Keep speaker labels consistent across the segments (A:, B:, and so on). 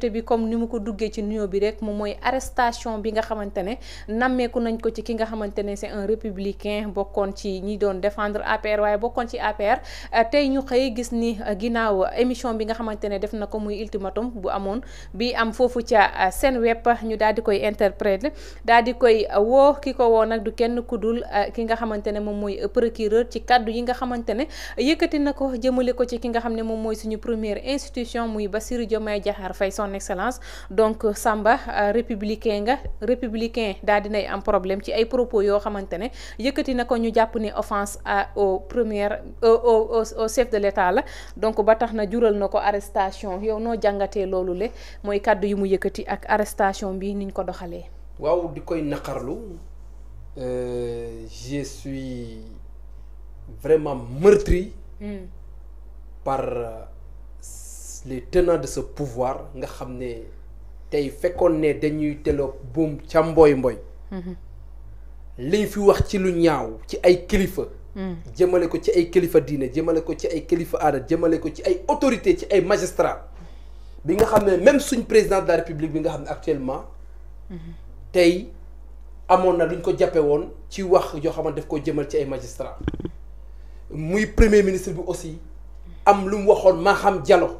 A: actualité bi comme ni mu ko duggee ci nuyoo bi rek moom mooy arrestation bi nga xamante ne nammeeku nañ ko ci ki nga xamante ne c'est un républicain bokkoon ci ñi doon défendre APR waaye bokkoon ci APR euh, tey ñu xëy gis ni euh, ginnaaw émission bi nga xamante ne def na ko muy ultimatum bu amoon bi am foofu ca euh, seen web ñu daal di koy interprète daal di koy woo ki ko woo nag du kenn ku dul ki nga xamante ne moom mooy procureur ci kàddu yi nga xamante ne yëkkati na ko jëmale ko ci ki nga xam ne moom mooy suñu première institution muy ba Bassirou Diomaye Diakhar Faye son excellence donc euh, Samba euh, républicain nga républicain daal dinay am problème ci ay propos yoo xamante ne yëkkati na ko ñu jàpp ne offense à au première euh, au au chef de l'État la donc ba tax na jural na ko arrestation yow noo jàngatee loolu le mooy kàddu yu mu yëkkati ak arrestation bi niñ ko doxalee.
B: waaw di koy naqarlu je suis vraiment meurtri. Hmm. par les tenants de ce pouvoir nga xamné tay tey dañuy mboy mboy mhm. liñ fi wax ci lu ñaaw ci ay kilifa mhm. ko ci ay kilifa ko ci ay kilifa ko ci autorité ci magistrat bi nga même président de la république actuellement mhm. tey amon na ko ci wax magistrat muy premier ministre aussi am lu ma Maham dialogue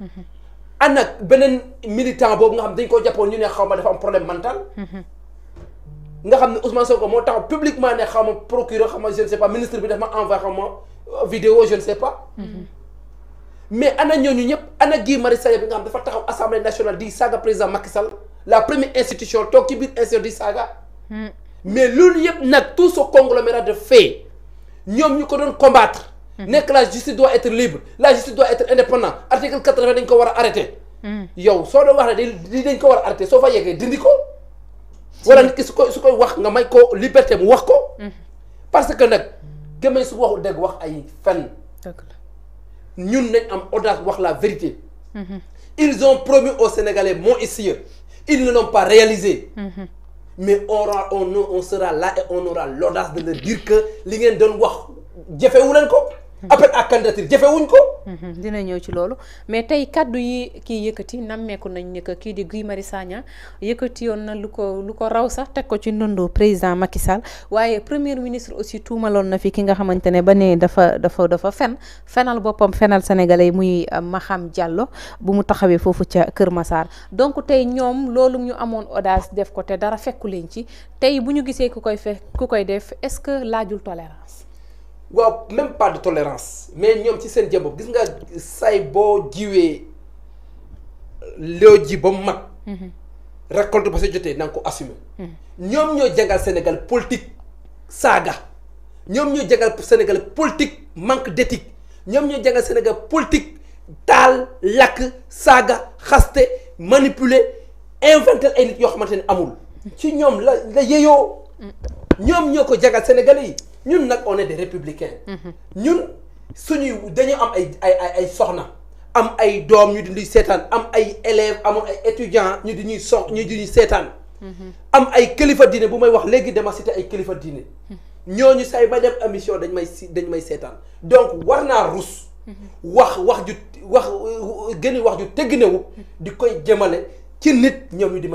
B: ànd mm-hmm. ak beneen militant boobu nga xam dañ koo jàppoon ñu ne xaw dafa am problème mental. Mm-hmm. nga xam Ousmane Sonko moo taxaw publiquement ne xaw ma procureur je ne sais pas ministre bi daf ma envoyé euh, vidéo je ne sais pas. Mm-hmm. mais ana ñooñu ñëpp ana Guy Marius Sagna bi nga xam dafa assemblée nationale di Saga président Macky Sall la première institution toog ci biir institution di saaga. mais loolu yëpp nag tout ce conglomérat de faits ñoom ñu ko doon combattre. Mmh. que la justice doit être libre la justice doit être indépendante article quatre-vingt dañ ko war a arrêté. Mmh. yow soo doon wax ne di dañ ko war a arrêté soo fa yeggee dindi ko. wala mmh. nit ki wax nga may ko liberté mu wax ko. parce que nag gémmiñ su waxul dëgg wax ay fenn. ñun nañ am la vérité. ils ont promis aux Sénégalais mon ici ils ne l'ont pas réalisé. mais on aura on sera là et on aura l'audace de leur dire que li ngeen doon wax jëfewu leen ko. Mm-hmm. appel à candidature jëfewuñ ko.
A: Mm-hmm. dina ñëw ci loolu mais tey kàddu yi kii yëkkati nammeeku nañ ne que kii di Guy Marius Sagna yëkkati yoon na lu ko lu ko raw sax teg ko ci ndondoo président Macky Sall waaye premier ministre aussi tuumaloon na fi ki nga xamante ne ba ne dafa dafa dafa fen fenal boppam fenal sénégalais muy euh, Maham Diallo bu mu taxawee foofu ca Kër Massar donc tey ñoom loolu ñu amoon audace def ko te dara fekku leen ci tey bu ñu gisee ku koy fe ku koy def est-ce que laajul tolérance.
B: waaw même pas de tolérance mais ñoom ci seen jëm bopp gis nga say boo jiwee loo ji ba mu mag mhm. récolte ba sa jotee na nga ko assumer mhm. ñoom ñoo jàngal Sénégal politique saaga ñoom ñoo jàngal Sénégal politique manque d'éthique ñoom ñoo jàngal Sénégal politique taal lakk saaga xaste manipuler inventer ay nit yoo xamante ne amul mhm. ci ñoom la la yeyoo mm. ñoom ñoo ko Sénégalais yi nous sommes des républicains. Nous sommes des am ay ay ay soxna. am ay doom élèves étudiants nous sommes des républicains. ñu sommes des am ay des républicains. bu may wax républicains. Nous nous donc Warna Rousse, wax wax ju wax nous wax ju wu di koy ci nit ñu di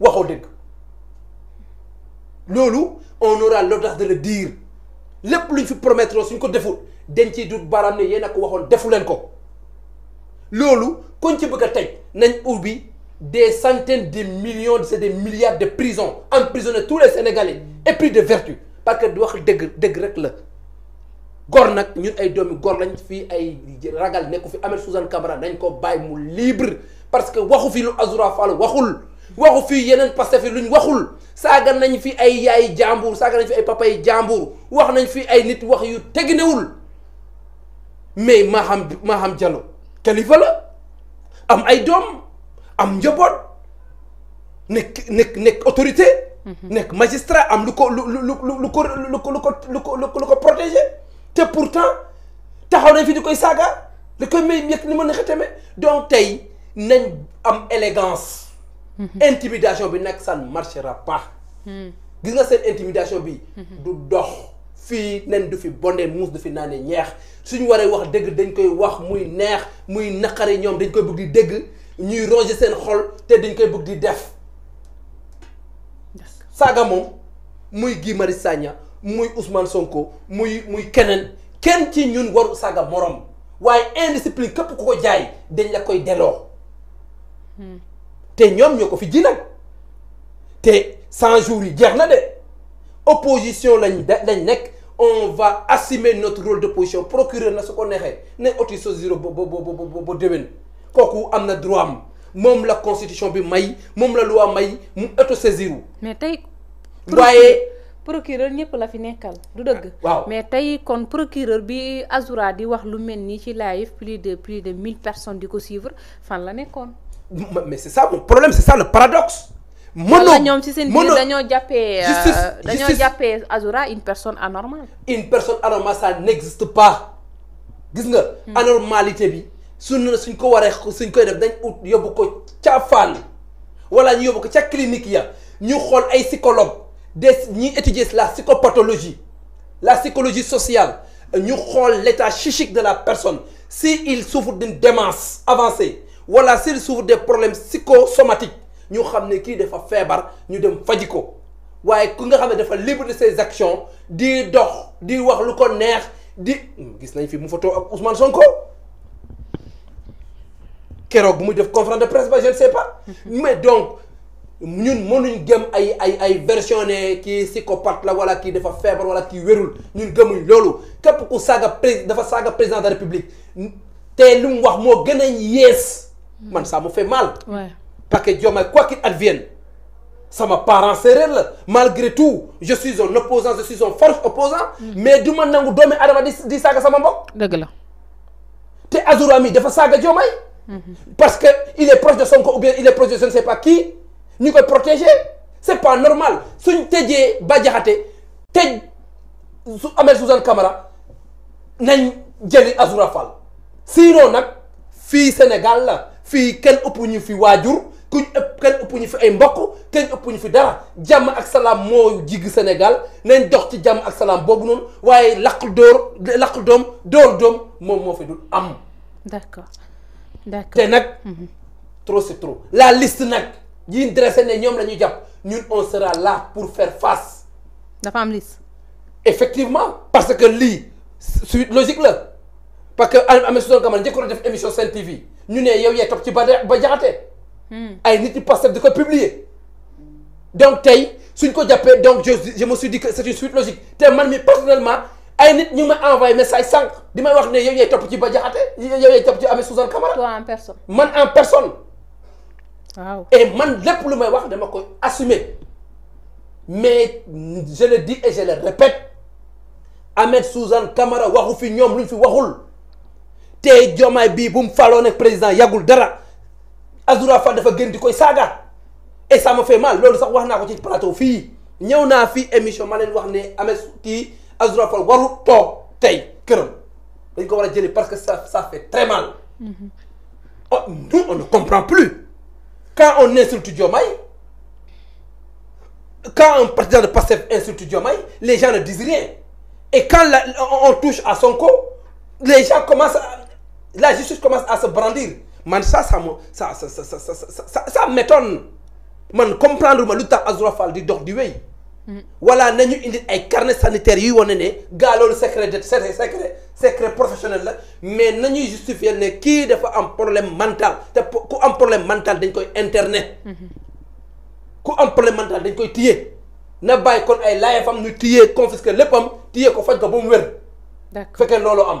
B: waxoo dëgg loolu on aura l'audace de le dire lépp luñ fi promettre suñ ko deful dañ ciy dut baaraam ne yéen ko waxoon defu leen ko loolu kon ci bëgg a des centaines de millions c'est des milliards de prisons emprisonner tous les Sénégalais et plus de vertu parce que doit wax dëgg dëgg rek la gor nag ñun ay doomi gor lañ fi ay ragal nekku fi amel Suzanne Camara nañ ko baye mu libre parce que waxu fi lu Azoura Fall waxul waxu fi yenen Pastef luñ waxul saaga nañ fi ay yaay jambour saaga nañ fi ay papa yi jàmbur wax nañ fi ay nit wax yu teginewul mais Maham Maham Diallo kalifa la am ay dom am njaboot nek nek nek autorité. Mhm. nek magistrat am lu ko lu lu lu ko lu ko lu ko lu ko protégé te pourtant taxaw nañ fi dikoy saga le li koy may yëg ni mën na xeteme donc tay nañ am élégance. Mhm. intimidation bi nag san marché marchera pas. Hmm. gis nga seen intimidation bi. Mhm. du dox fii nen du fi bondee muus du fi naanee ñeex suñu waree wax dëgg dañ koy wax muy neex muy naqari ñoom dañ koy bugg di dégg ñuy ronger seen xol te dañ koy bëgg di def. saaga moom muy giimari Marius muy Ousmane Sonko muy muy keneen kenn ci ñun waru saaga morom waaye indiscipline képp ku ko jaay dañ la koy delloo. Hmm. te ñom ñoko fi te 100 jours yi opposition lañ on va assumer notre rôle position procureur na su ko neexee zéro bo bo bo bo droit am mom la constitution bi may mom la loi may mu autosaisiru
A: mais tay procureur la fi nekkal du mais tay kon procureur bi Azoura di wax lu melni ci live plus de plus de 1000 personnes diko sont suivre fan la
B: mais c'est ça mon problème c'est ça le paradoxe. mënoo ñoom si seen biir
A: euh, une personne anormale.
B: une personne anormale ça n'existe pas gis nga. Hmm. anormalité bi suñ suñ ko waree suñ koy def dañ ut yóbbu ko ca ou wala ñu yóbbu ko clinique ya ñu ay psychologue des ñi la psychopathologie la psychologie sociale ñu xool l'état psychique de la personne si il souffre d'une démence avancée wala s'il souffre des problèmes psychosomatiques Nous savons qu'il dafa nous ñu dem faji ko quand ku nga libre de ses actions di dox di wax lu ko neex di gis nañ fi photo ak Ousmane Sonko bu des def conférence de presse je ne sais pas mais donc ñun mënuñ versions ay ay ay version qui des psychopathe la wala qui dafa wala wérul ñun ku a président de la république ce a man ça me fait mal. Ouais. parce que Dieu, quoi qu'il advienne m'a pas pas là... malgré tout je suis un opposant je suis un fort opposant mm. mais du ma nangu doomi adama di di saaga sama mbokk. dëgg la te Azoura dafa Dieu mm-hmm. parce que il est proche de son ou bien il est proche de je ne sais pas qui Nous sommes protéger C'est n'est pas normal Tu es ba jaxate tëj su amee sous Camara caméra, jëli Azoura Fall sinon nag Sénégal fii kenn ëpp fi wajur kuñ ëpp kenn ëpp fi ay mbokk fi dara jàmm ak salam mo jig Sénégal nañ dox ci jàmm ak salam bobu noonu waye laq dóor laq dom dor dom mo fi dul am.
A: d'accord d'accord
B: te mhm. trop c'est trop la liste nak yi intéressé ne ñom lañu japp ñun on sera là pour faire face. dafa am liste. effectivement parce que li suite logique là parce que Ameth Suzanne Camara njëkkoon def émission Sen TV nous ne yow yee topp ci ba hmm. ay publier donc donc je je me suis dit que c'est une suite logique personnellement, man mi personnellement ay message avons di may wax yow top ci ba yow ci Suzanne Camara. toi en personne man en personne. et man lu may wax dama koy mais je le dis et je le répète Ahmed Suzanne Kamara, waxu fi de te jomaay bi bu mu président yagul dara Azoura Fall dafa gën di koy et ça me fait mal lolu sax wax naa ci plateau fi ñewna fi émission ma leen wax né Ameth kii Azoura Fall waru toog tay kërëm dañ ko wara a parce que ça ça fait très mal. Mhm. Oh, nous on ne comprend plus quand on insulte djomai quand un président de Pastef insulte Diomaye les gens ne disent rien et quand on touche à son Sonko les gens commencent à la justice commence à se brandir man ça ça ça ça ça ça ça ça m'étonne man comprendre ma lu tax Azura Fall di dox di wéy. wala nañu indi ay carnet sanitaire yuy wane ne gaa secret de secret secret professionnel la mais nañuy justifier ne kii dafa am problème mental te ku am problème mental dañ koy internet. ku am problème mental dañ koy téye na bàyyi kon ay laajafam ñu téye confisquer léppam téye ko faj ko ba mu wér. fekkee loolu am.